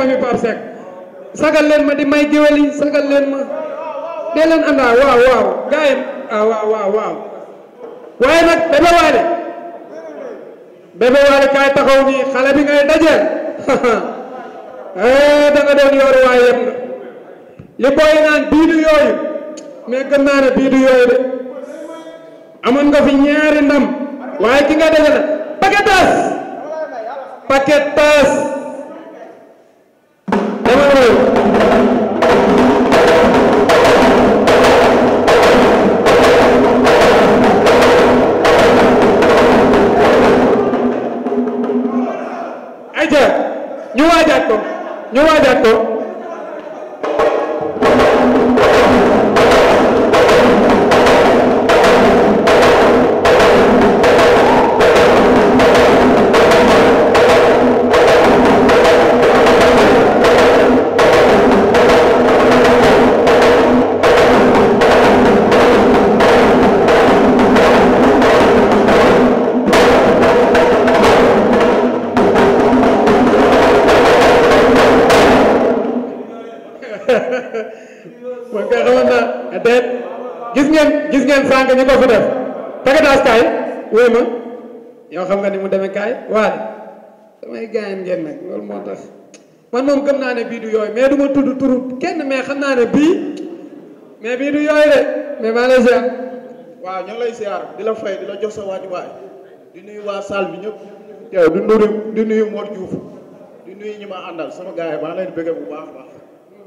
famille Pape Seck sagal leen ma di may géwél yi sagal leen ma dee leen andaa waaw waaw gaa yi ah, nag Bébé Wally Bébé taxaw nii xale bi ngay dajeel eh, da doon yooru waaye yem nga li booy naan bii du yooyu mais gëm naa ne bii du yooyu de amoon nga fi ñaari ndam waaye ki nga dajale paquetas paquetas déet gis ngeen gis ngeen sànq ñu ko fi def tagadaas kaay wéy ma yow xam nga ni mu demee kaay waaye damay gaayan ngeen nag loolu moo tax man moom gëm naa ne bii du yooyu mais du ma tudd turu kenn mais xam naa ne bii mais bii du yooyu de mais maa lay ziar waaw ñu lay ziar di la fay di la jox sa di nuyu waa salle bi ñëpp teew di nuyu di nuyu Mor Diouf di nuyu ñi ma àndal sama gars yi maa leen bëgg bu baax baax hmm.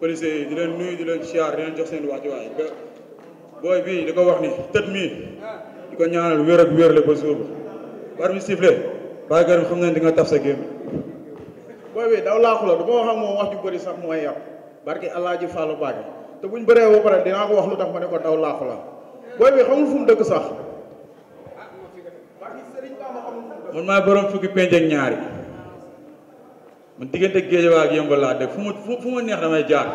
police yi di len nuyu di len siyaar di len jox sen wàccuwaay way booy boy bi diko wax ni tët mi diko ñaanal wër ak wër le ba suur bar bi sifle ba gar xam ne di nga taf sa gem boy bi daw laaxu la du ma wax ak moom wax ju bari sax moy yàpp barki allah ji fallu Mbacké te buñ bëré wo pare dina ko wax lu tax ma ne ko daw laaxu la boy bi xamul fu mu dëkk sax man ma borom fukki penj ak ñaari man diggante Géejawaay ak yëmbal laa dëkk fu ma fu ma neex damay jaar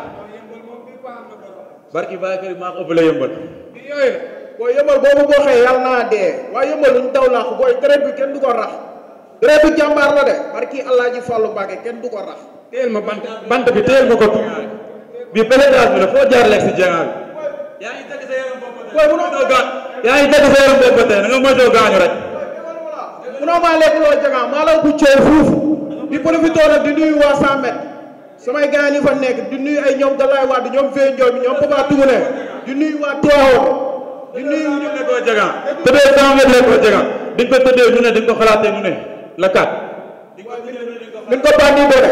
barki Baye Karim maa ko ëppale yëmbal. boobu boo xëyee yàlla naa dee waaye yëmbal luñ daw laax booy deret bi kenn du ko rax deret jàmbaar la de barki allah ji fàllu Mbàkke kenn du ko rax. teel ma bant bant bi teel ma ko tuuti bi pénétrage bi la foo jaar lekk si jàngat bi. yaa ngi dëgg sa yaram bopp tey munoo gaa yaa gaañu rek. munoo maa lekk loo jàngat maa la bu coow di profité nag di nuyu waa 100 mètres samay gars yi fa nekk di nuyu ay ñoom Dalaay Wade ñoom Fee Njoy bi ñoom Papa Touré di nuyu waa Tiwaawoon di nuyu tëddee 100 mètres la koo jegaan di nga ko tëddee ñu ne di nga ko xalaatee ñu ne la kat di nga ko bandi doole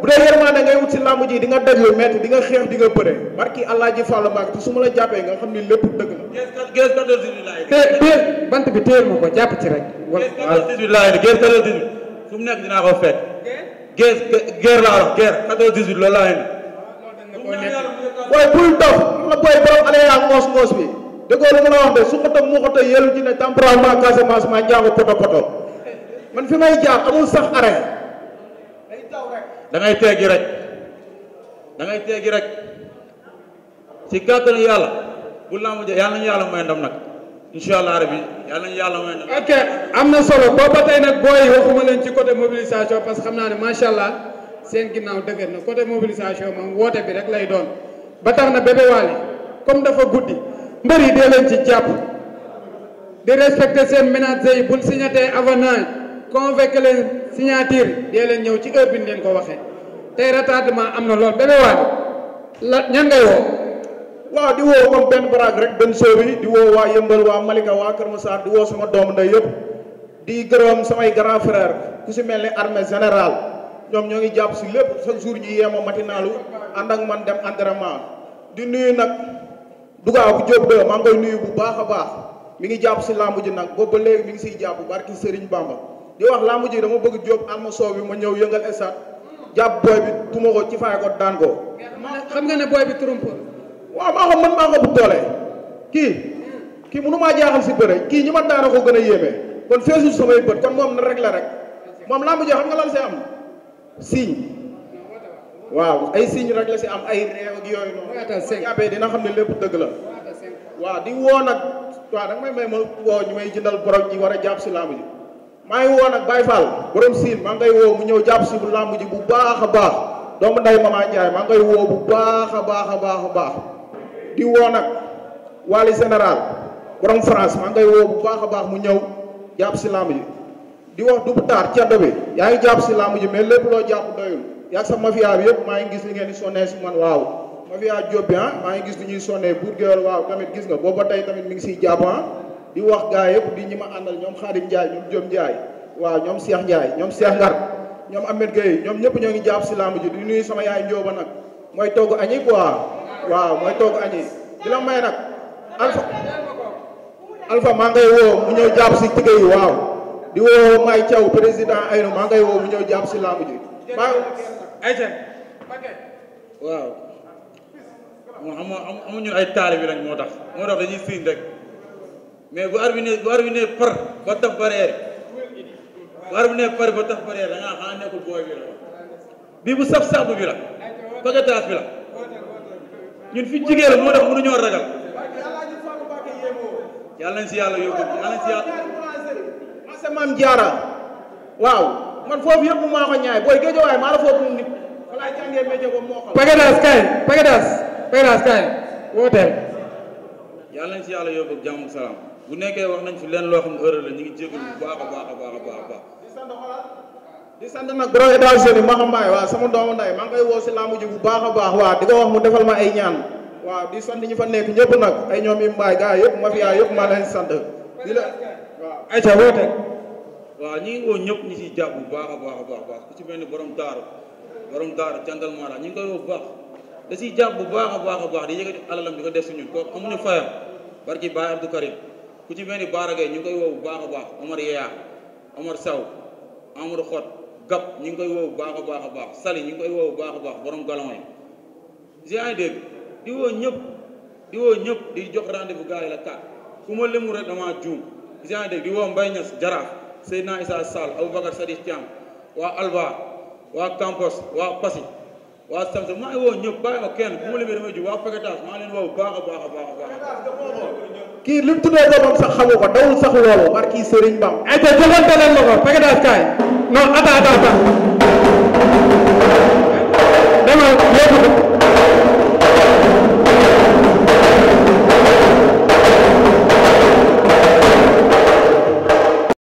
bu dee yërmande ngay wut si làmb ji di nga daj lu xeex di nga bëre allah ji fàllu mbaag te su ma la jàppee nga xam ni lépp dëgg la. te bant bi téye ko jàpp ci rek. wala fu mu nekk ko fekk. guerre guerre laa guerre 14 18 loolu laa indi. waaye dof la booy borom ale yaa ngoos ngoos bi déggoo lu mën wax de su xota mu xota yelu ci ne temporairement Casamance maa njaago poto poto man fi may jaar amul sax arrêt da ngay teggi rek da ngay teggi rek si gàttanu yàlla bu laamu ja yàlla may ndam nag incha allah rabi yàlla nañu yàlla na. ok am na solo boobu ba tey nag booy waxuma leen ci côté mobilisation parce que xam naa ne macha allah seen ginnaaw dëgër na côté mobilisation moom woote bi rek lay doon ba tax na Bébé Wally comme dafa guddi mbër yi dee leen ci jàpp di respecter seen ménages yi buñ signatee avenant convoqué leen signature dee leen ñëw ci heure bi leen ko waxee tey retardement am na lool Bébé Wally la ñan ngay woo. Nah, waaw di woo comme benn baraag rek benn bi di woo waa yëmbal waa malika waa Kër Massar di woo sama doom nday yëpp di gërëm samay grand frère ku si mel ni armée générale ñoom ñoo ngi jàpp si lépp jour ñu ya matinalu ànd ak man dem entraînement di nuyu nag dugaa bu jóob de maa ngi koy nuyu bu baax a baax mi ngi jàpp si ji nag boobu ba léegi mi ngi siy jàpp barki Serigne Bamba di wax lamb ji dama bëgg jóob alma bi ma ñëw yëngal esat jàpp booy bi tuma ko ci faay ko daan ko xam nga ne booy bi trompeur waaw maa xam man maa ko bu doole kii kii mënu maa jaaxal si bëre kii ñi ma daara ko gën a yéeme kon feesul samay bët kon moom na rek la rek moom lamb joo xam nga lan si am signe waaw ay signe rek la si am ay réew ak yooyu noonu abe dina xam ne lépp dëgg la waaw di woo nag waa da may may ma woo ñu may jëndal borom ji war a jàpp si lamb ji maa ngi woo nag Baye Fall borom siin maa ngay woo mu ñëw jàpp si lamb ji bu baax a baax doomu nday Mama Ndiaye maa ngay woo bu baax a baax a baax a baax di woo nag Waly général borom France maa ngay woo bu a mu ñëw jàpp si làmb ji di wax dubu taar ceddo bi yaa ngi jàpp si làmb ji mais lépp loo jàpp doyul yaa sa mafia bi yëpp maa ngi gis li ngeen di sonnee si man waaw mafia Diop bi ah maa ngi gis li ñuy sonnee buur géwél waaw tamit gis nga booba tey tamit mi ngi siy jàpp ah di wax gaa yëpp di ñi ma àndal ñoom Xaadim Njaay ñoom Diop Njaay waaw ñoom Seex Njaay ñoom Seex Ngar ñoom Ahmed Gueye ñoom ñëpp ñoo ngi jàpp si làmb ji di nag mooy togg añi quoi waaw mooy togg añi di may nag alpha alpha maa ngay woo mu ñëw jàpp si tigge yi waaw di woo May Thiaw président Aynu maa ngay woo mu ñëw jàpp si làmb ji ba ay waaw amu amuñu ay taalibe lañ moo tax moo tax dañuy siin rek mais bu arbitre bu arbitre par ba taf barrière bu arbitre par ba taf barrière da ngaa xam bi bu saf sàpp bi la bagataas bi la ñun fi jigéen la moo tax mënuñoo ragal yàlla nañ si yàlla yóbbu nañ si yàlla. man sa maam jaara waaw man foofu yëpp maa ko ñaay booy géej waaye maa la foofu nit. walaay jàngee métier boobu moo xam. bagataas kaay bagataas bagataas kaay wooteel. yàlla nañ si yàlla yóbbu jàmm salaam bu nekkee wax nañ fi leen loo xam ñu ngi jégalu baax baax baax baax. di sant nag gros états unis ma xam mbaay waaw sama doomu nday maa ngi woo si laamu ji bu baax a baax waaw di ko wax mu defal ma ay ñaan waaw di sant ñu fa nekk ñëpp nag ay ñoom yi mbaay gaa yëpp ma fiyaa yëpp ma leen sant di la waa ayca woote waaw ñi ngi woo ñëpp baax a baax a baax ku ci mel ni borom daaru borom daaru da siy jàpp bu baax a baax baax di yëkkati alalam di ko def suñu kooku amuñu fayam barki ci mel ni Baara Gueye bu baax a baax Omar Yeya Omar Saw Amadou Xot gab ñu ngi koy woowu baax a baax a baax baax a baax borom di woo ñëpp di woo ñëpp di jox rendez-vous gars yi la kat ku ma limu rek a a a baax kii li mu tuddee doomam sax xamu ko dawul sax woowu barki Serigne Bam ay te joxante leen ma ko Paquetage non attends attends attends demal yóbbu ko